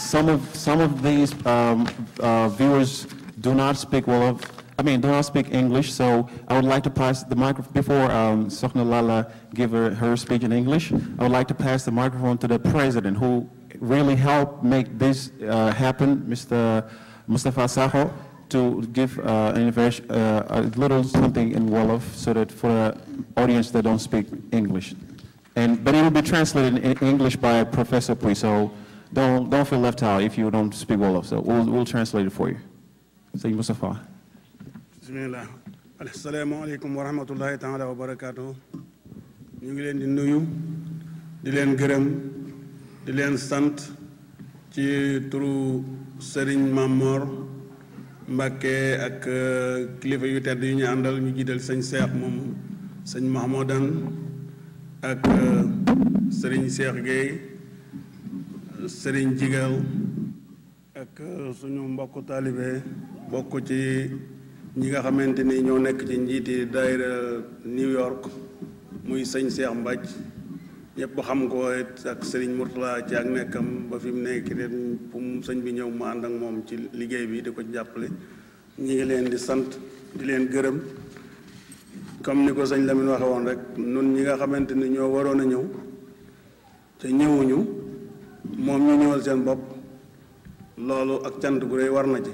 some of some of these um, uh, viewers do not speak well I mean, do not speak English, so I would like to pass the microphone, before um, Sokhna Lala give her, her speech in English, I would like to pass the microphone to the president who really helped make this uh, happen, Mr. Mustafa Saho, to give uh, an, uh, a little something in Wolof so that for the audience that don't speak English. And, but it will be translated in English by Professor Pui, so Don't, don't feel left out if you don't speak Wolof. So we'll, we'll translate ngi leen di nuyu di leen gërëm di leen sant ci turu Serigne Mamor Mbacke ak euh, kilifa yu tedd yu ñu àndal ñu jiital sëñ Cheikh moom sëñ Mahmoudan ak euh, Serigne Cheikh Gueye sëriñ Jigéew ak euh, suñu mbokku taalibe bokk ci ñi nga xamante ni ñoo nekk ci njiiti daayira New York muy sëñ Seex Mbaj ñëpp xam ko ak sëriñ Murtala ci ak nekkam ba fi mu nekk ren fu sëñ bi ñëw mu ànd ak moom ci liggéey bi di ko jàppale ñu ngi leen di sant di leen gërëm comme ni ko sëñ Lamine waxe woon rek nun ñi nga xamante ni ñoo waroon a ñëw te ñëwuñu moom ñu ñëwal seen bopp loolu ak cant gu réy war na ci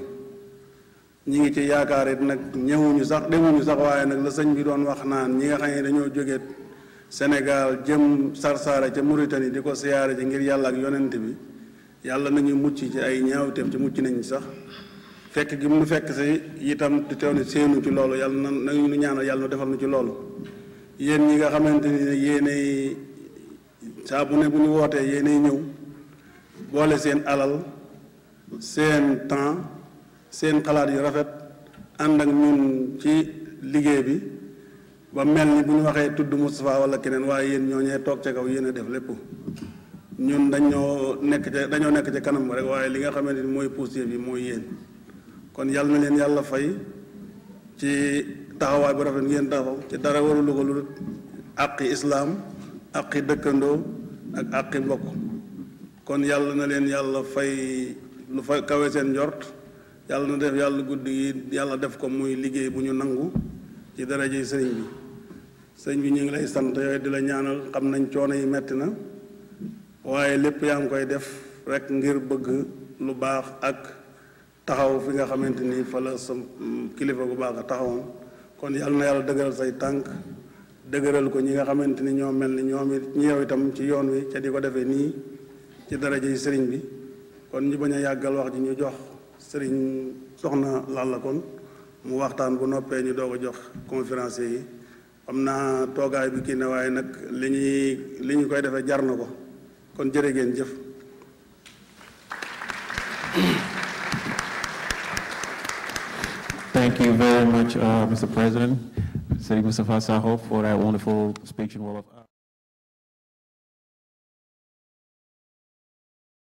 ñi ngi ci yaakaar it nag ñëwuñu sax demuñu sax waaye nag la sëñ bi doon wax naan ñi nga xam ne dañoo jóge Sénégal jëm sarsaara ca Mauritanie di ko siyaare ngir yàlla ak yonent bi yàlla nañu mucc ci ay ñaawteef ci mucc nañ sax fekk gi mu fekk si itam di teew ne séenu ci loolu yàlla na nañu yàlla nu nu ci loolu yéen ñi nga xamante ni yéenay saa bu ne bu ñu wootee yéenay ñëw boole seen alal seen temps seen xalaat yu rafet ànd ak ñun ci liggéey bi ba mel ni bu ñu waxee tudd Moustapha wala keneen waaye yéen ñoo ñee toog ci kaw yéen a def lépp ñun dañoo nekk ca dañoo nekk ci kanam rek waaye li nga xamante ni mooy positif bi mooy yéen kon yàlla na leen yàlla fay ci taxawaay bu rafet ngeen taxaw ci dara warulu ko lu àqi islaam àqi dëkkandoo ak àqi mbokk kon yàlla na leen yàlla fay lu fa kawe seen njort yàlla na def yàlla guddi gi yàlla def ko muy liggéey bu ñu nangu ci daraje sëñ bi sëñ bi ñu ngi lay sant yooyu di la ñaanal xam nañ coono yi metti na waaye lépp yaa ngi koy def rek ngir bëgg lu baax ak taxaw fi nga xamante ni fa la sa kilifa gu baax a taxawoon kon yàlla na yàlla dëgëral say tànk dëgëral ko ñi nga xamante ni ñoo mel ni ñoom it ñi itam ci yoon wi ca di ko defee nii ci daraja yi sëriñ bi kon ñu bañ a yàggal wax ji ñu jox sëriñ soxna Lalla mu waxtaan bu noppee ñu doog jox conférencier yi am naa toogaay bi kii ne waaye nag li ñuy koy defe jar na ko kon jërë ngeen jëf Thank you very much, uh,